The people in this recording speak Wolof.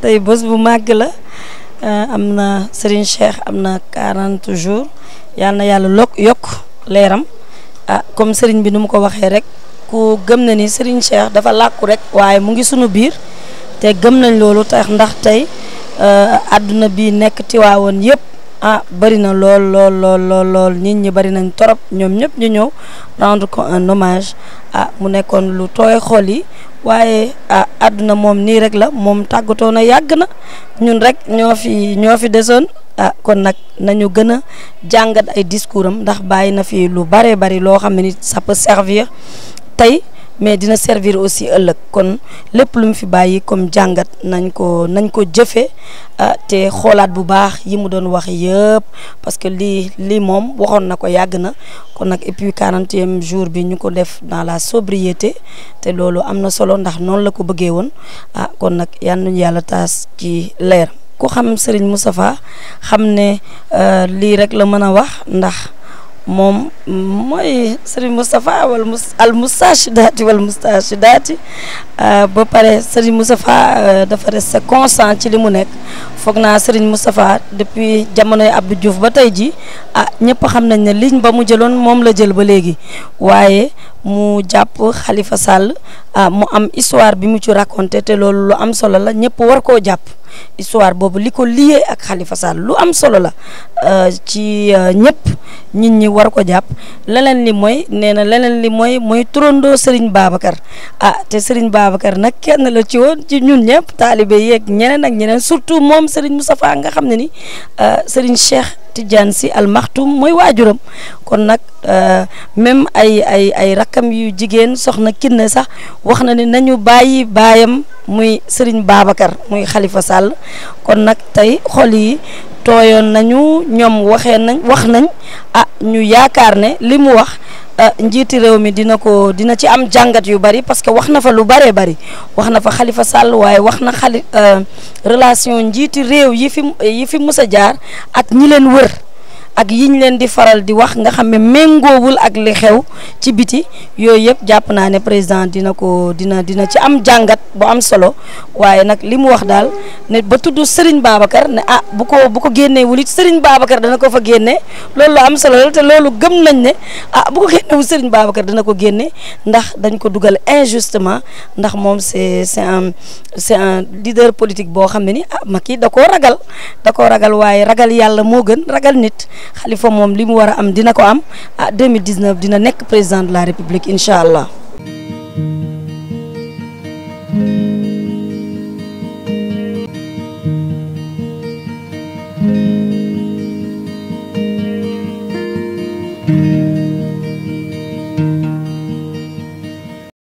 tey bés bu màgg la eh, am na sëriñ Cheikh am na 40 jours yal na yàlla lokk yokk leeram ah comme sëriñ bi nu mu ko waxee rek ku gëm na ni Serigne Cheikh dafa làkku rek waaye mu ngi sunu biir te gëm nañ loolu tax ndax tey eh, àdduna bi nekk Tiwaawoon yépp ah bëri na lool lool lool lool nit ñi bëri nañ torop ñoom ñëpp ñu ñëw rendre ko un hommage ah mu nekkoon lu tooy xol yi waaye ah àdduna moom nii rek la moom tàggatoo na yàgg na ñun rek ñoo fi ñoo fi desoon ah kon nag nañu gën a jàngat ay discours am ndax bàyyi na fi lu bare bari loo xam ne ni ça peut servir tey. mais dina servir aussi ëllëg kon lépp lu fi bàyyi comme jàngat nañ ko nañ ko jëfe ah, te xoolaat bu baax yi mu doon wax yëpp parce que lii lii moom waxoon na ko yàgg na kon nag et puis quarantième jour bi ñu ko def dans la sobriété te loolu am na solo ndax noonu la ko bëggee woon ah kon nag yal nañu yàlla taas ci leer ko xam Serigne Moustapha xam ne euh, lii rek la mën a wax ndax moom mooy Serigne Moustapha wal mus al moustachidati wal moustachidati euh, ba pare Serigne Moustapha euh, dafa resté constant ci li mu nekk foog naa Serigne Moustapha depuis jamonoy Abdou Diouf ba tey ji ah ñëpp xam nañ ne liñ ba mu jëloon moom la jël ba léegi waaye mu jàpp xalifa Sall ah mu am histoire bi mu ci raconté te loolu lu am solo la ñëpp war koo jàpp histoire boobu li ko lié ak Khalifa Sall lu am solo la euh, ci euh, ñëpp nit ñi war ko jàpp leneen li mooy nee na leneen li mooy mooy turandoo Serigne Babacar ah te Serigne Babacar nag kenn la ci woon ci ñun ñëpp taalibe yeeg ñeneen ak ñeneen surtout moom Serigne Moustapha nga xam ne ni euh, Serigne Cheikh Tidiane si almaxtum mooy waajuram kon nag euh, même ay ay ay rakkam yu jigéen soxna kinne sax wax na ni nañu bàyyi baayam muy Serigne Babacar muy xalifa sàll kon nag tey xol yi tooyoon nañu ñoom waxee nañ wax nañ ah ñu yaakaar ne li mu wax Ah, njiiti réew mi dina ko dina ci am jàngat yu bari parce que wax na fa lu baree bari wax na fa xalifa Sall waaye wax na xali euh, relation njiiti réew yi fi yi fi mus a jaar ak ñi leen wër. ak ñu leen di faral di wax nga xam ne méngoowul ak li xew ci biti yooyu yëpp jàpp naa ne président dina ko dina dina ci am jàngat bu am solo waaye nag li mu wax daal ne ba tudd Serigne Babacar ne ah bu ko bu ko génneewul it Serigne Babacar dana ko fa génne loolu lu am solo la te loolu gëm nañ ne ah bu ko génnewul Serigne Babacar dana ko génne ndax dañ ko dugal injustement ndax moom c'est c'est un c'est un leader politique boo xam ne ni ah Macky da koo ragal da koo ragal waaye ragal yàlla moo gën ragal nit Khalifa moom li mu war a am dina ko am ah 2019 dina nekk président de la république incha allah.